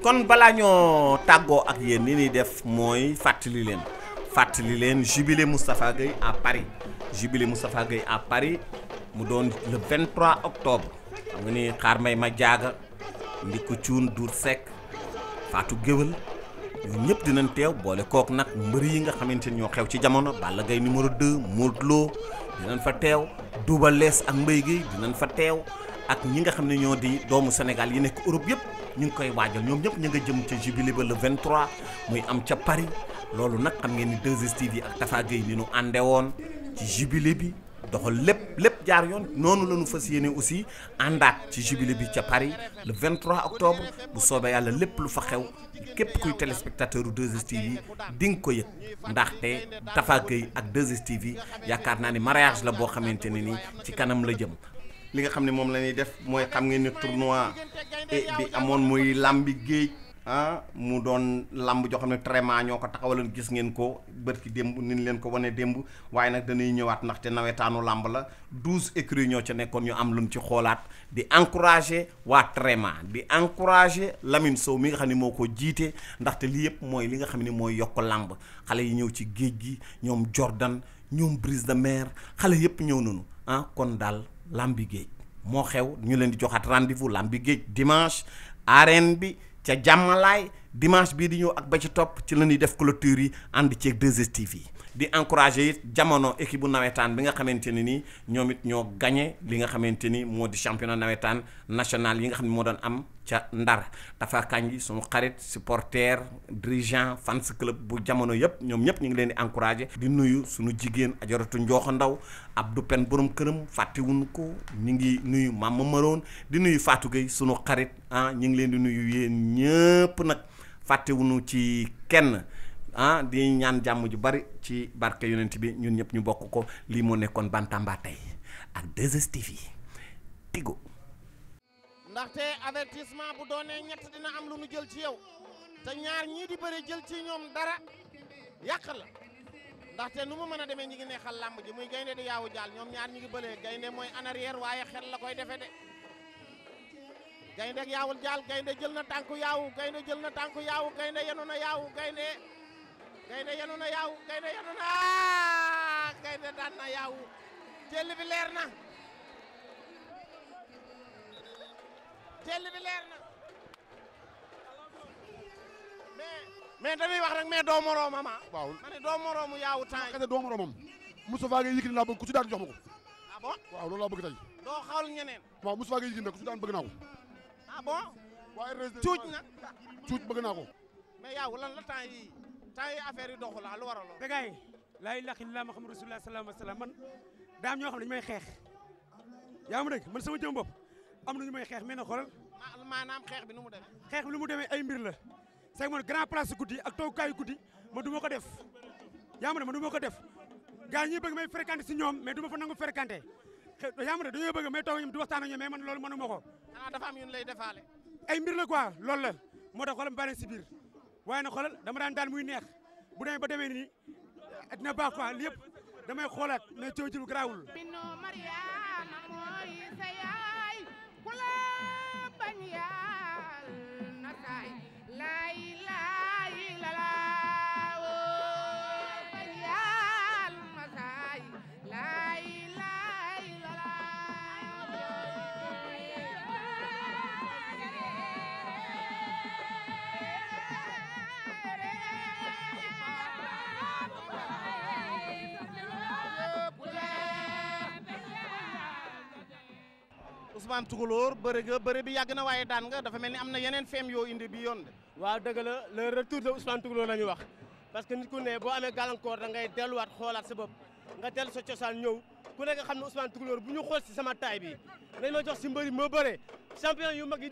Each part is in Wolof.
kon balaa ñoo tàggoo ak yéen li ñuy def mooy fàttali leen fàttali leen jubilé Moustapha Gueye à Paris jubilé Moustapha Gueye à Paris mu doon le 23 octobre xam nga ni xaar may ma jaaga ndikku cuun duur sekk faatu géwël ñu ñëpp dinañ teew boole kook nag mbër yi nga xamante ni ñoo xew ci jamono Balla Gaye numéro 2 Modou Lo dinañ fa teew Double Less ak mbay Guèye dinañ fa teew ak ñi nga xam ne ñoo di doomu Sénégal yi nekk Europe yëpp ñu ngi koy waajal ñoom ñëpp ñu nga jëm ca jubilé ba le 23 muy am ca Paris loolu nag xam ngeen ni 2STV yi ak Tafa Gueye ni ñu ànde woon ci jubilé bi doxal lépp lépp jaar yoon noonu la ñu fas yéene aussi àndaat ci jubile bi ca Paris le 23 octobre bu soobee yàlla lépp lu fa xew képp kuy téléspectateur u 2STV di nga ko yëg ndaxte Tafa Gueye ak 2STV yaakaar naa ni mariage la boo xamante ne ni ci kanam la jëm. li nga xam ne moom la ñuy def mooy xam ngeen ne tournoi bi amoon muy làmbi géej ah mu doon làmb joo xam ne traiment ñoo ko taxawaloon gis ngeen ko bët ki démb niñ leen ko wane démb waaye nag dañuy ñëwaat ndaxte nawetaanu làmb la douze écuries ñoo ca nekkoon ñu am lu ci xoolaat di encourager waa traitement di encourage Lamine Sow mi nga xam ne moo ko jiite ndaxte lii yëpp mooy li nga xam ne mooy yokk làmb xale yi ñëw ci géej gi ñoom Jordan ñoom Brise de Mer xale yëpp ñëw nañu ah kon daal Lambi Géej moo xew ñu leen di joxaat rendez-vous Géej dimanche arène bi ca jàmmalaay dimanche bii di ñëw ak ba ci topp ci la ñuy def clôture yi ànd ceeg 2STV yi di encourager it jamono équipe bu nawetaan bi nga xamante ne nii ñoom it ñoo gañe li nga xamante ni moo di championnat nawetaan national yi nga xam ne moo doon am ca Ndar dafa Kanji sunu xarit supporter dirigeant fans club bu jamono yëpp ñoom ñëpp ñu ngi leen di encourager di nuyu suñu jigéen ajaratu njooxa ndaw Abdou Pen boroom këram fàttewuñ ko ñu ngi nuyu Mama Maroon di nuyu Fatou Gueye sunu xarit ah ñu ngi leen di nuyu yéen ñëpp nag fàttewuñu ci kenn ah di ñaan jàmm ju bari ci barke yonent bi ñun ñëpp ñu bokk ko lii moo nekkoon Bantamba tey ak 2STV yi Tigo ndaxte avertissement bu doonee ñett dina am lu nu jël ci yow te ñaar ñii di bëri jël ci ñoom dara yàq la ndaxte nu mu mën a demee ñi ngi neexal làmb ji muy gaynde di yaawu jaal ñoom ñaar ñi ngi bëlee gaynde mooy en waaye xel la koy defe de gaynde ak yaawul jaal gaynde jël na tànku yaawu gaynde jël na tànku yaawu gaynde yenu gaynde yenu na yaaw gaynde yenu na gaynde bi leer na jël bi leer na mais mais dañuy wax rek mais doo moroomam ah. waaw ma ne doo moroomu yaawu temps yi. kese doo moroomam Moustapha Gueye Yékini laa bëgg ku ci daan jox ma ko. Ah bon waaw loolu laa bëgg tey. doo xawal ñeneen. waaw Moustapha Gueye Yékini nag ku ci daan bëgg naa ah bon. waaye na cuuc bëgg naa ko. mais lan la temps yii. tay affaire yi doxul la lu waraloon. te gars yi laa ilaaha illallaah Muhammadu rasuulullaah sallallaahu alayhi wa sallam man daam ñoo xam ne ñu may xeex yaa ma dégg man sama jëm bopp am na ñu may xeex mais na xoolal. maanaam xeex bi nu mu demee. xeex bi mu demee ay mbir la c'est man grand place guddi ak toogukaayu guddi ma du ma ko def yaa ma ne ma ko def gars yi ñuy bëgg si ñoom mais ma fa nangu fréquenté ne dañoo bëgg may toog ñoom di waxtaan mais man loolu mënu ma ko. xanaa dafa am ñun lay defaale. ay mbir la quoi loolu la moo tax xoolal mu bàyyi si biir waaye na xol dama daan daan muy neex bu demee ba demee ni dina na quoi lépp damay xoolaat ne coow ci lu garaawul. Mariama mooy sa yaay ku la bañ Ousmane Tougalor bëre nga bi yàgg na waaye daan nga dafa mel ni am na yeneen feem yoo indi yoon de. waaw dëgg la le retour de Ousmane Tougalor la wax parce que nit ku ne boo amee gàllankoor da ngay delluwaat xoolaat sa nga dellu sa cosaan ñëw ku nekk xam ne Ousmane Tougalor bu ñu xool si sama taay bi dañ ma jox si moo bëre champion yu mag yow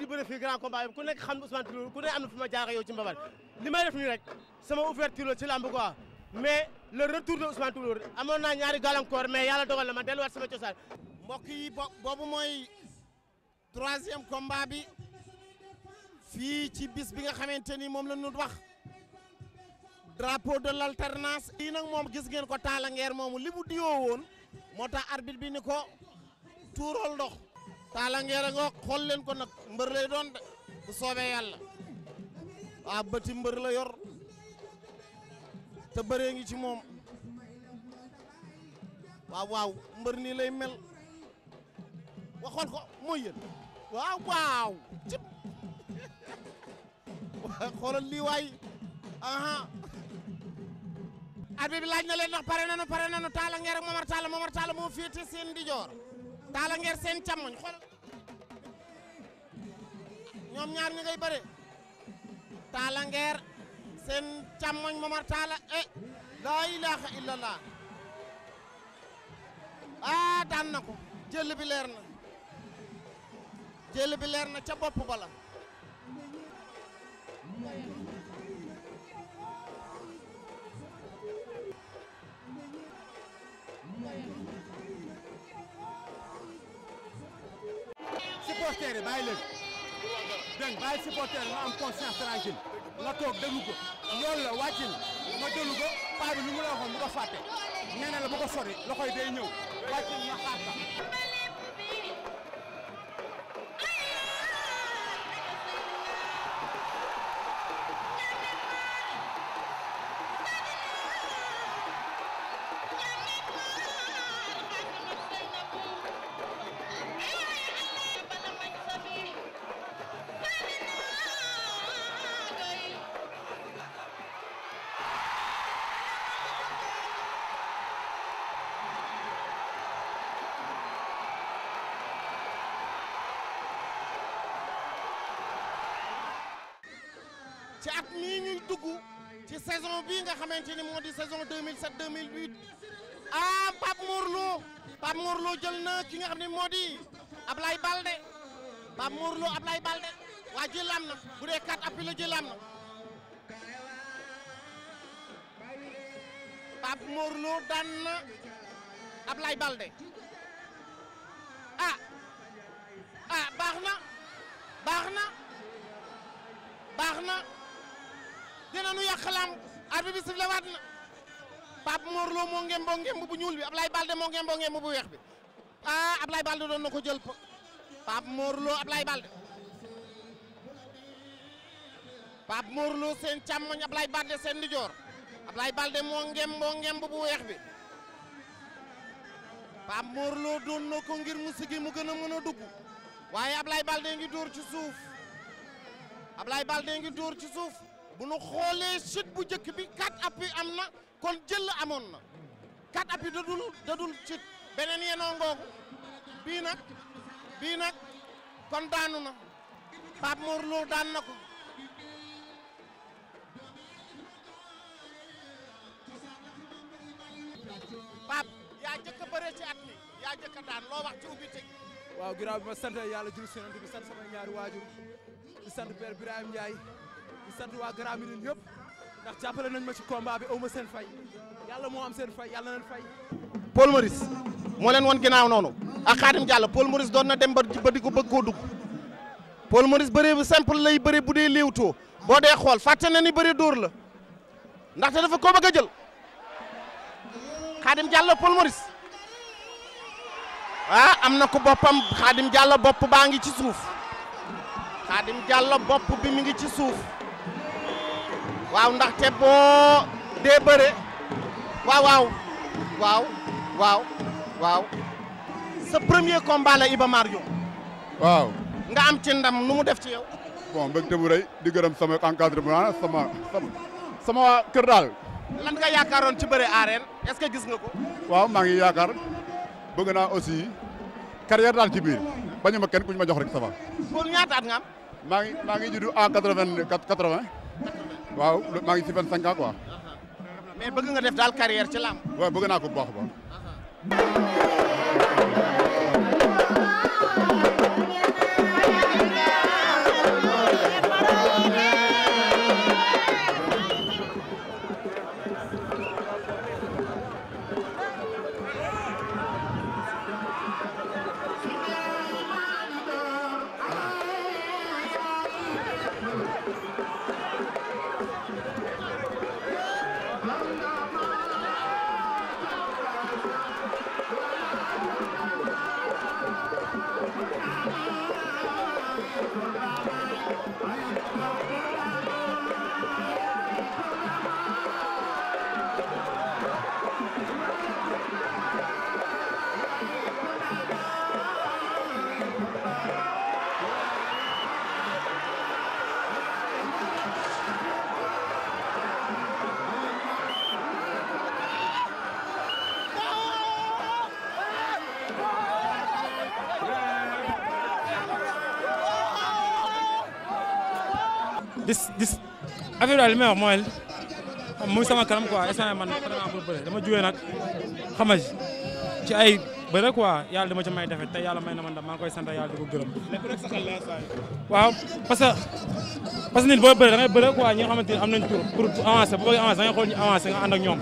ci mbabat li may def nii rek sama ouverture la ci làmb quoi mais le retour de Ousmane Tougalor amoon naa ñaari gàllankoor troisième combat bi fii ci bis bi nga xamante ni moom la ñu wax drapeau de l'alternance lii nag moom gis ngeen ko taala ngeer moomu li mu diwoo woon moo tax arbitre bi ni ko tuural ndox taala ngeer a leen ko nag mbër lay doon de bu soobee yàlla waa bëti mbër la yor ngi ci moom waaw waaw mbër nii lay mel waxoon ko mooy waaw waaw cib xoolal lii waay aha arbitre na leen ndax pare nañu pare nañu Talla Nguer ak Momar Talla Momar Talla moo féete seen ndijoor Talla seen càmmoñ xoolal ñoom ñaar ñu ngay bëre Talla seen càmmoñ Momar Talla eh laa ilaha illallah ah daan na ko jël bi leer na jël bi leer na ca bopp bala supporter yi bàyyi leen dégg nga nga am conscience tranquille nga toog déglu ko la wàccil nga déglu ko paa bi la waxoon bu ko fàtte nee na la bu ko sori loxoy day ñëw wàccil nga xaar at mii ñuy dugg ci saison bii nga xamante ni moo di saison 2007 2008 ah Pape Mor Lo Pape Mor Lo jël na ki nga xam ne moo di Ablaye Balde Pape Mor Lo Ablaye Balde waa jël am na bu dee 4 appui la jël am na Pape Mor Lo daan na Ablaye Balde. nañu yàq lamb arbitre bi sifflé waat na Pape Mor moo ngemboo ngemb bu ñuul bi Ablaye Balde moo ngemboo ngemb bu weex bi ah Ablaye Balde doon na ko jël Pape Mor Lo Ablaye Balde Pape Mor Lo seen càmmoñ Ablaye Balde seen ndijoor Ablaye Balde moo ngemboo ngemb bu weex bi Pape Mor Lo doon na ko ngir mu sigi mu gën a mën a dugg waaye lay Balde ngi ci suuf ngi dóor ci suuf bu nu xoolee chute bu njëkk bi quatre appuis am na kon jël amoon na quatre appuis dadul dadul chute beneen yenoo ngoogu bii nag bii nag kon daanu na Pape Mor Lo daan na ko Pape yaa jëkk bëree ci at mi yaa jëkk a daan loo wax ci ubbi teg waaw ginnaaw bi ma sant yàlla jur senant bi sant sama ñaari waajur di sant père Birahim Ndiaye di sant waa Grand Médine yëpp ndax jàppale nañ ma ci combat bi aw ma seen fay yàlla moo am seen fay yàlla nañ fay. Paul Maurice moo leen won ginnaaw noonu ak Khadim Diallo Paul Maurice doon na dem ba di ko bëgg koo dugg Paul Maurice bëree bu lay bëree bu dee léewtoo boo dee xool fàtte na ni bëri dóor la ndaxte dafa ko bëgg a jël Khadim Diallo Paul Maurice ah am na ko boppam Khadim jàlla bopp baa ngi ci suuf Khadim Diallo bopp bi mi ngi ci suuf. waaw ndaxte boo dee bëre waaw waaw waaw waaw waaw sa premier combat la Iba Mar Diop waaw nga am ci mu def ci yow bon mbégte bu rëy di gërëm sama encadrement sama sama kër kër daal lan nga yaakaaroon ci bëre arène est-ce que gis nga ko waaw maa ngi yaakaar bëgg naa aussi carrière daal ci biir bañu ma kenn kuñ ma jox rek ça va. pour ñaata at nga am maa ngi maa ngi juddu en quatre-vingt quatre-vingt waaw maa ngi ci 25 ans quoi. mais bëgg nga def daal carrière ci làmb. waaw bëgg naa ko bu baax a dis dis affaire daal li may wax mooy muy sama kanam quoi instant man vraiment pour bëre dama juwee nag xam nga ci ay bëre quoi yàlla dama ci may defe te yàlla may na man da maa ngi koy sant yàlla di ko gërëm. lépp rek saxal waaw parce que parce que nit boo ñi nga xamante ni am tur pour pour bu bëggee avancer da ngay xool ñu avancer nga ànd ñoom.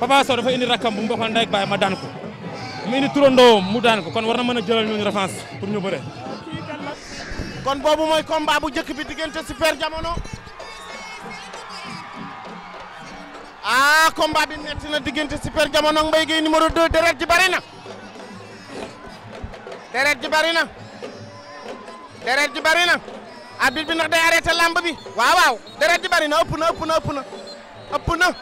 Papa Sow dafa indi rakkam bu mu bokkoon ndey ma daan ko mu indi turandoom mu daan ko kon war na mën a jëlal ñooñu ñu bëre. kon boobu mooy combat bu njëkk bi diggante super jamono ah combat bi metti na diggante super jamono ak Mbaye Gueye numéro deret ji bari na deret ji bari na deret ji bari na arbitre bi ndax day arrêté lamb bi waaw waaw deret ji bari na ëpp na ëpp na ëpp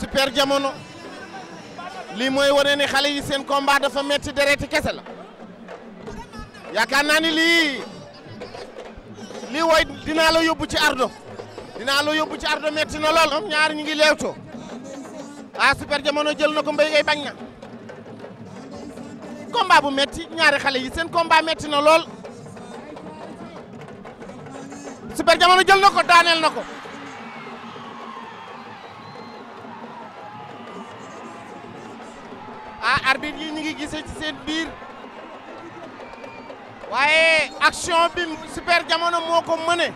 super jamono lii mooy wane ne xale yi seen combat dafa metti dereti kese la yaakaar naa ni lii lii woy dinaa la yóbbu ci ardo dinaa la yóbbu ci ardo metti na lool ñoom ñaar ñu ngi leewtoo ah super jamono jël na ko mbéy ngay bañ na combat bu metti ñaari xale yi seen combat metti na lool super jamono jël na ko daaneel na ko arbitre yi ñu ngi gisee ci seen biir waaye action bi super jamono moo ko mëne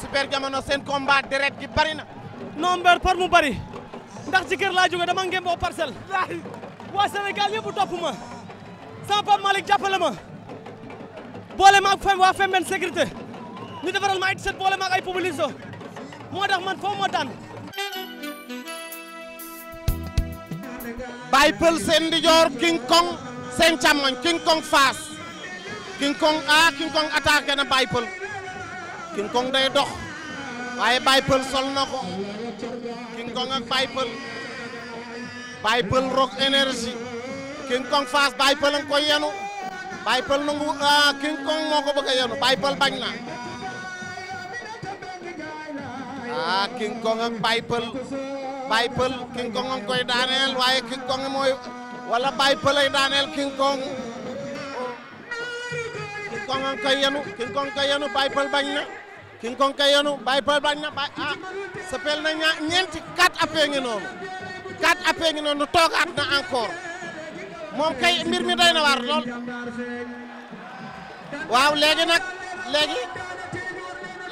super jamono seen combat deret gi bari na non mber mu bari ndax ci kër laa jóge dama ngemboo parcelle waa Sénégal yëpp topp ma sama Pape Malick jàppale ma boole ma ak waa Femben sécurité ñu defaral ma ay tiset boole ma ay publicité moo tax man foo ma daan. Baye Peul seen ndijoor King Kong seen càmmoñ King Kong faas King Kong ah King Kong attaqué na Baye Peul dox waaye Baye Peul sol na ko King Kong ak Baye Peul Baye Peul rock énergie King Kong faas Baye Peul nga yenu Baye Peul nangu ah King moo ko bëgg a yenu Baye Peul bañ na. ah King Kong ak Baye Peul Baye Peul King Kong a ngi koy daaneel waaye King Kong mooy wala Baye Peul ay daaneel King Kong King Kong a ngi bañ na King Kong koy yenu bañ na bay ah sapel na ñeenti quatre appels ngi noonu quatre na encore moom kay mbir mi doy na lool waaw léegi nag léegi.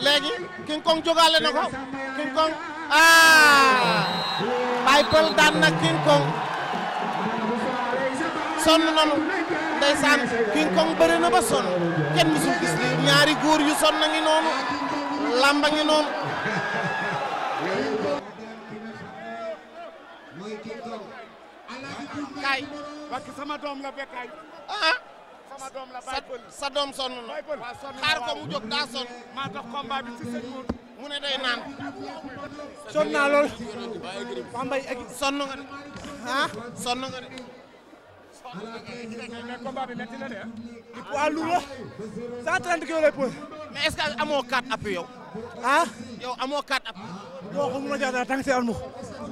léegi King Kong jógaale na ko King Kong ah Baye daan na King Kong sonn nanu ndeysaan King Kong bëri na ba sonn kenn musul gis li ñaari góor yu sonn ngi noonu làmba ngi noonu kaay sama doom sa doom sonn na xaar ko mu jóg daa sonn maa tax combat bi ci sëñ mu ne day naan sonn naa lool amoo 4 appui yow ah yow amoo 4 tang seeral ma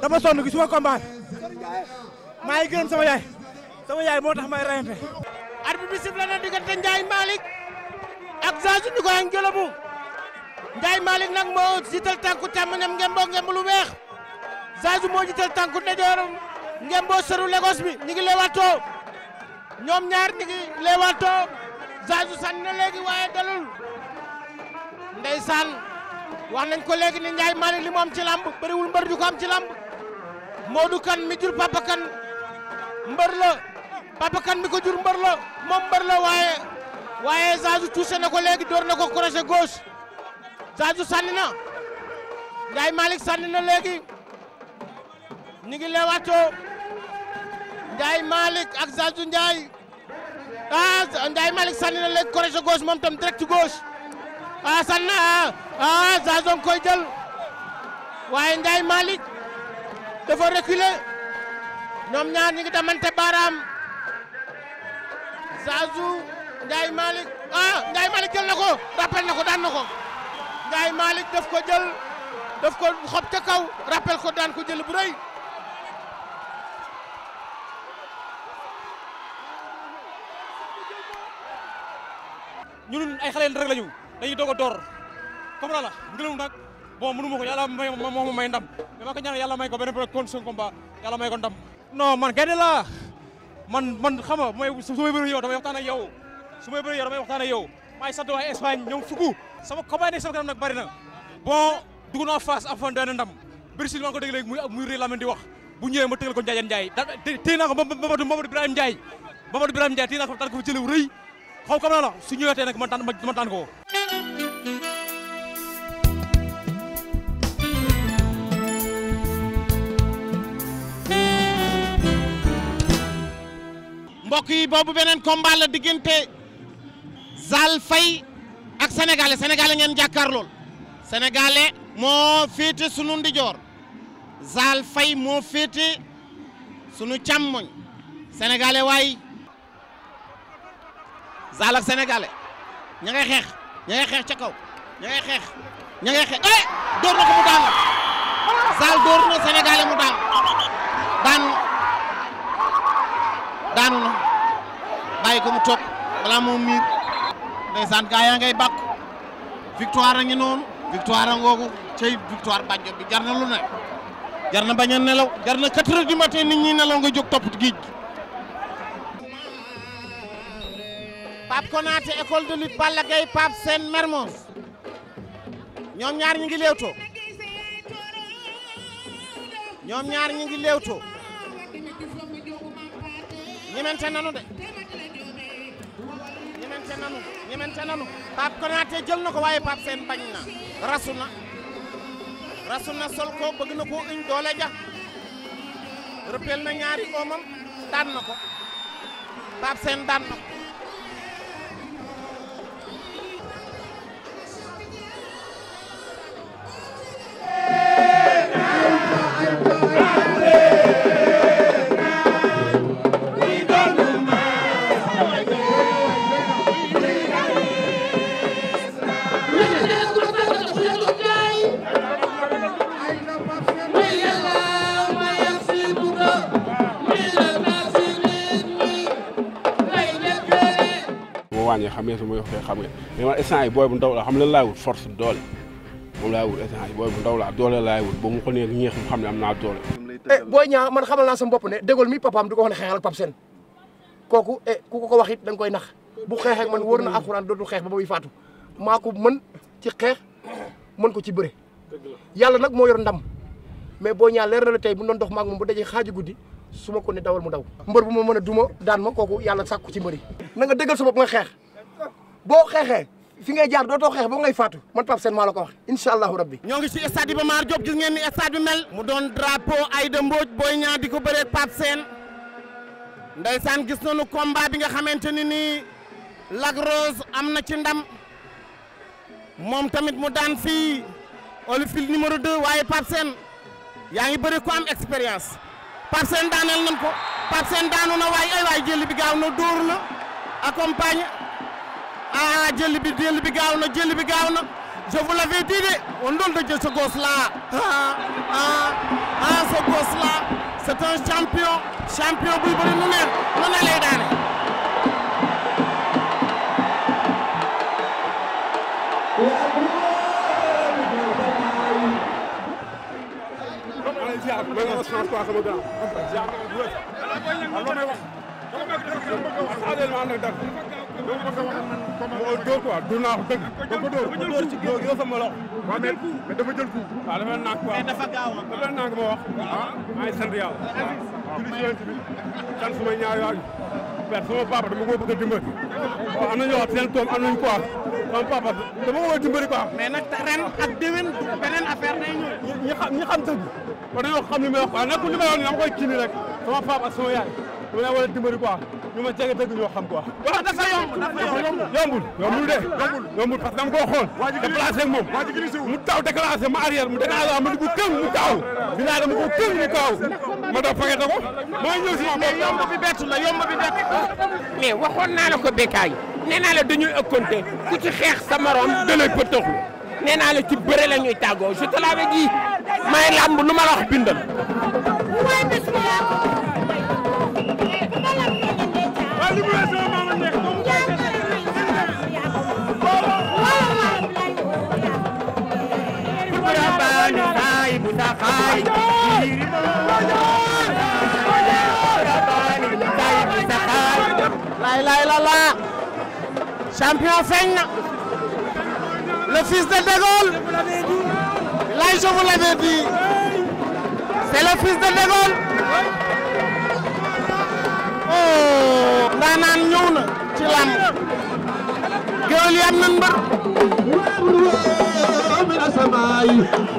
dama sonn gisuma combat bi maa ngi sama yaay sama yaay moo tax may rayante arbitre bi sifflé na diggante Ndiaye Malick ak Zazu Ndigoy ak Jolobu Ndiaye Malick nag moo jiital tànku càmmoñam ngemboo ngemb lu weex Zazu moo jiital tànku ndeyjooram ngemboo sëru Lagos bi ñu ñoom ñaar ñu ngi leewaatoo Zazu na léegi waaye dalul ndeysaan wax nañ ko léegi ne Ndiaye Malick li mu am ci lamb bëriwul mbër ju ko ci lamb Modou Kane mi jur Papa Kane mbër la. Papa Kane mi ko jur mbër la moom mbër la waaye waaye Zazu touché na ko léegi door na ko crochet gauche Zazu sànni na Ndiaye Malick sànni na léegi ñu ngi leewaatoo Ndiaye Malick ak Zazu Ndiaye ah Ndiaye Malick sànni na léegi crochet gauche moom tam direct gauche ah sànni na ah ah Zazu koy jël waaye Ndiaye Malick dafa reculer ñoom ñaar ñu ngi damante baaraam. Sassou Ndiaye Malick ah Ndiaye Malick jël na ko rappel na ko daan na ko Ndiaye Malick daf ko jël daf ko xob ca kaw rappel ko daan ko jël bu rëy. ñun ay xale rek lañu dañuy doog door comme la ngelaw nag bon mënu ma ko yàlla may ma may ndam mais ma ko ñaan may ko benn pro contre son may ko ndam. non man gaynde laa. man man xam nga mooy su may bëri yow damay waxtaan na yow su may bëri yow damay waxtaan ak yow maay sant waa Espagne ñoom fukk sama combat nekk sama kanam nag bari na bon dugg naa face a fan dana ndam Brésil maa ngi ko dégg léegi muy muy ré wax bu ñëwee ma tëgal ko Ndiaye Ndiaye da téye naa ko Mamadou Mamadou Ibrahima Ndiaye Mamadou Ibrahima Ndiaye téye naa ko daan ko fa jëlew rëy xaw kam naa la su ñëwee tey nag ma tànn ma ko mbokk yi boobu beneen combat la diggante Zal fay ak sénégalais sénégalais ngeen jàkkaar lool moo féete sunu ndijoor Zal fay moo féete sunu càmmoñ sénégalais waay Zal ak sénégalais ña ngay xeex ña ngay xeex ca kaw ña ngay xeex ña eh! dóor na ko mu daan Zal dóor na sénégalais mu daan daan daanu bàyyi ko mu toog balaa moom miir ndeysaan gaa yaa ngay bàkku victoire a ngi noonu victoire a cey victoire bàjjo bi jar na lu ne jar na bañ a nelaw jar na quatre heures du matin nit ñi nelaw nga jog topp géej gi Pape Konaté école de lutte Balla Gaye Pape Sène Mermoz ñoom ñaar ñi ngi léewtoo ñoom ñaar ñi ngi léewtoo ñemente nanu de ñemente nanu ñemente nanu Pape Konaté jël na ko waaye Pape Sène bañ na rasu na rasu na sol ko bëgg na ko uñ doole ja rëppel na ñaari oomam daan na ko Pape Sène daan na ñi xam ngeen su ma yox koy xam ngeen mais man instant booy bu ndaw la xam lan laay wut force doole moom laay wut instant yi booy bu ndaw doole laay wut ba mu ko nee ñeex mu xam ne am naa doole eh, booy ñaa man ko e ku ko ko wax it da nga koy man ko ci xeex mën ko ci bëre yàlla nag moo yor ndam mais boo ñaa leer na la tey bu doon dox maag moom bu dajee xaaju guddi su ma ko ne dawal mu daw mbër bu ma mën a duma daan ma kooku yàlla sàkku ci mbëri na dëggal sa bopp nga xeex boo xeexee fi ngay jaar dootoo xeex boo ngay faatu man Pape Sène maa la ko wax incha allahu rabbi ñoo ngi ci stade Iba Mar Diop gis ngeen ni stade bi mel mu doon drapeau Aïda Mbodj Boy ñaar di ko bëree Pape Sène ndeysaan gis nañu combat bi nga xamante ni nii Lac am na ci ndam moom tamit mu daan fii Holyfield numéro 2 waaye Pape yaa ngi bëri ko am expérience Pape Sène daaneel nañ ko Pape daanu na waaye ay waay jëli bi gaaw na dóor ah jël bi jël bi gaaw na jël bi gaaw na je vous l'avais dit de on doon de jël ah, ah, ah, champion champion buy bëri nu ne daane. waaw dóor quoi du naax dëgg. da ko dóor dóor ci dóor yoo sama loxo. waaw mais dafa jël coup. waaw dafa naan quoi mais dafa gaaw a. dafa naan ma wax. ah maa ngi sant yàlla. waaw julli ci yonent bi sant suma ñaari waay. père sama papa dama ko bëgg a dimbali. waaw am na ñoo xam seen toom am nañu quoi. sama papa dama ko bëgg a dimbali quoi. mais nag ren ak déwén beneen affaire day ñëw. ñi xam ñi xam dëgg. kon dañoo xam li may wax quoi nekkul li may wax nii dama koy kii nii rek. sama papa ak sama yaay. dama la a dimbali quoi ñu ma jege dëgg ñoo xam quoi. de yombul yombul parce que dama koo xool. déplacé ko kën mu naa la ko nee naa la dañuy ëkkonte ku ci xeex sa morom dalay pëtëxlu nee naa la ci bëre la ñuy tàggoo je may lamb lu ma la wax bindal. champion feeñ la le fils de De Gaulle là je vous l'avais dit c'est le fils de De Gaulle ndaanaan ñëw na ci làmb géwél yi am nañ mbër min asamaay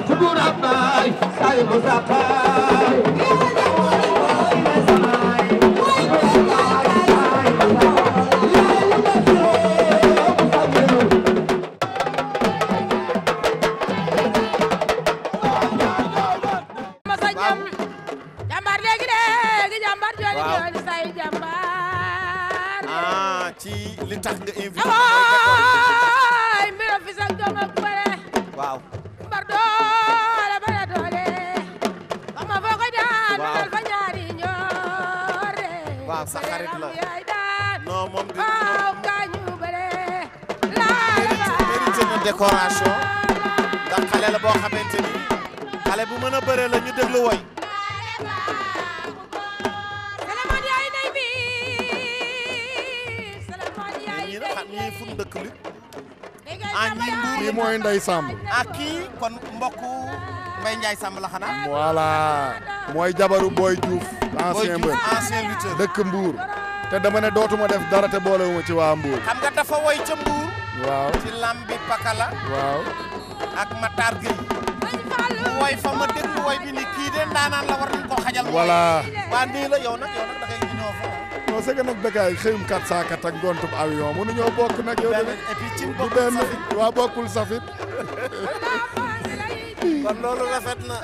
kubur abbaay saay bu sàppaay jàmbaar léegi léegi jàmbaar jooju say jàmbaar ah ci li tax nga invité. waay mbiro fi sax doom waaw. mbar doole bare doole. xam nga foo ko daan. waaw dal fa ñaari ñoore. waaw sa xarit daan. non moom di. waaw gaañu bëre. laala laala mérité na décoration. ndax xale la boo xamante ni. xale bu mën a bëre ñu déglu woy. borom dëkk li ah ñi mooy Ndeye Samb. ah kii kon mbokk Mbaye Ndiaye Samb la xanaa. voilà mooy jabaru Boy Diouf. ancien mbër ancien lutteur dëkk mbuur te dama ne dootuma def dara te boolewuma ci waa Mbour. xam nga dafa woy ca Mbour. waaw ci lambi Pakala. waaw ak Matar Gueye. woy fa ma déglu woy bi ni kii de ndaanaan la war nañ ko xajal. voilà waa nii yow nag yow nag da non c'est que nag Bécaye xëyum 404 ak ngontub avion mënuñoo bokk nag yow tamit du benn waa bokkul safit kon loolu rafet na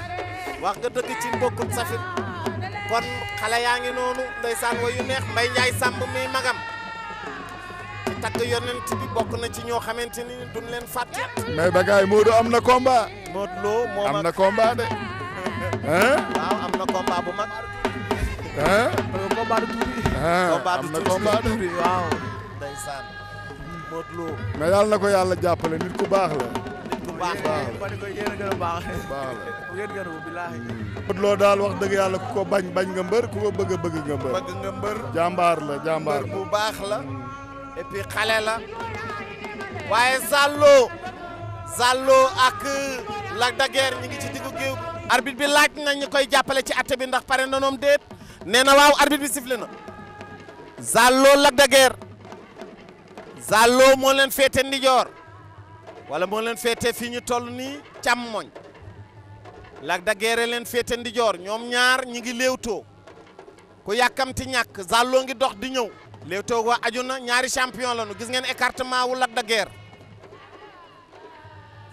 wax nga dëgg ci bokkul safit kon xale yaa ngi noonu ndeysaan wa yu neex Mbaye Ndiaye Samb mi magam ci tagg yonent bi bokk na ci ñoo xamante ni duñ leen fàtte mais Bécaye Modou am na combat Modou Lo moom am na combat de waaw am na komba bu mag ah na combat du tuuti waaw. ndeysaan Modou na ko yàlla jàppale nit ku baax la. nit ku baax la daal wax dëgg yàlla ku ko bañ bañ nga mbër ku ko bëgg a bëgg nga mbër. bëgg la jàmbaar bu baax la. et puis xale la. waaye Zallo. Zallo ak Lac de ñi ngi ci diggu géew. arbitre bi laaj na ñu koy jàppale ci atte bi ndax pare na noom déet. nee na waaw arbitre bi sifflé na Zallo Lac de Guiers moo leen féete ndijoor wala moo leen feete fii ñu toll nii càmmoñ Lac de Guiers leen féete ndijoor ñoom ñaar ñi ngi léewtoo ku yàkkamti ñàkk Zallo ngi dox di ñëw léewtoo wa aju na ñaari champion lañu gis ngeen écartement wu Lac de Guiers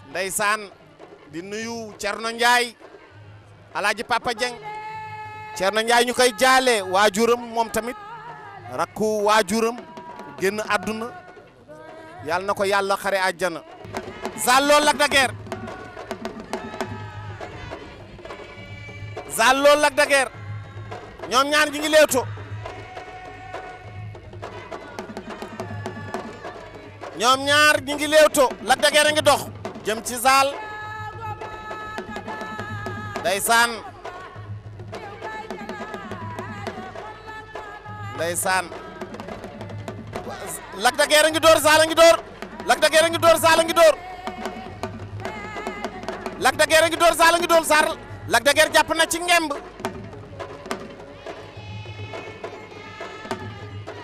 ndeysaan di nuyu Thierno Ndiaye Alaaji Papa Dieng na njaay ñu koy jaale waajuram moom tamit rakku waajuram genn àdduna yàlla na ko yàlla xare àjjana Zallo Lac de Guiers Zallo Lac de Guiers ñoom ñaar ñi ngi leeto ñoom ñaar ñi ngi a ngi dox jëm ci Zal ndeysaan ndeysaan Lac de Guiers a ngi door Zal a ngi door Lac de Guiers a ngi jàpp na ci ngemb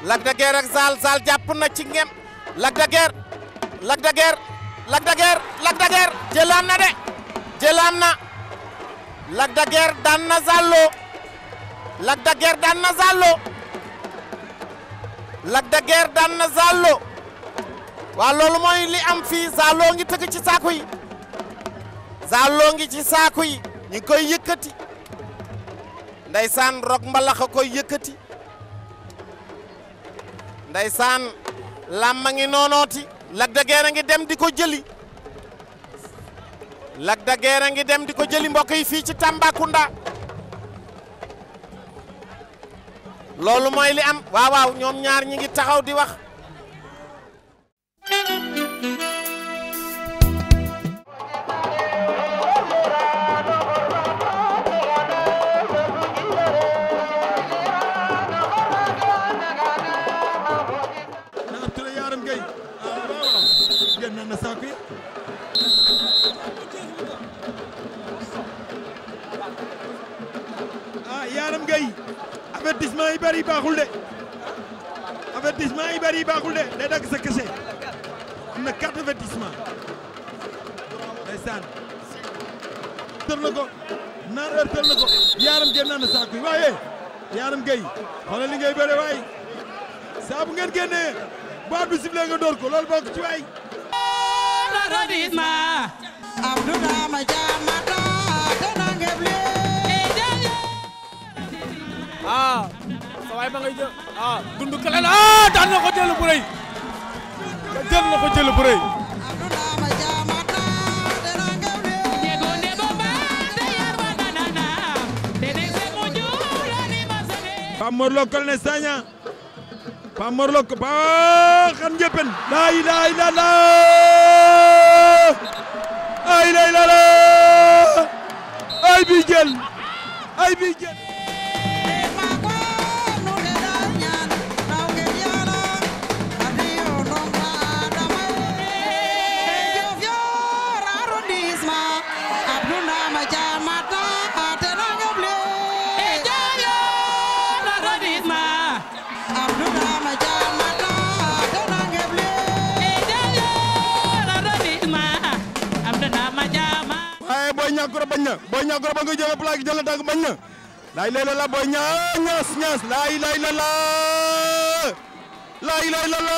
de Guiers ak jàpp na ci ngemb Lac de Guiers Lac na de jëlaan na Lac na Zallo Lac Lac de Guiers daan na Zalo waa loolu mooy li am fii Zalo ngi tëgg ci saaku yi Zalo ngi ci saaku yi ñu ngi koy yëkkati ndaysaan Rock Mbalax a koy yëkkati ndaysaan làmma ngi noonooti Lac a ngi dem di ko jëli Lac a ngi dem di ko jëli mbokk yi fii ci Tambacounda loolu mooy li am waaw ñoom ñaar ñi ngi taxaw di wax. Ah, Yaram Gueye avertissement yi bëri baaxul de avertissement yi bëri baaxul de day dagg sa cachet am na quatre avertissement ndeysaan tër na ko naar heure tër na ko yaaram génn na saako yi waaye yaaram gay xoolal li ngay bëre waaye saa bu ngeen génnee baat bi sifflé nga door ko loolu bokk ci waay avertissement Abdou Dama Diamata ah sa waay ma ngay jël ah dund kale la ah daan na ko jël bu rëy jël na ko jël bu rëy Pape Mor Lo Colonel Sagna Pape Mor Lo ba xam njëppen la ilaha illallah la ilaha illallah ay bi jël ay bi jël na Boy Niang goro ba nga jël plaque jël na tànk bañ na laay lay la la Boy Niang ñaas ñaas laay lay la la laay lay la la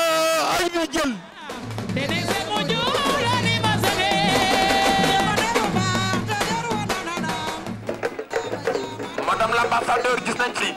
ay ñu jël madame l'ambassadeur gis nañ ci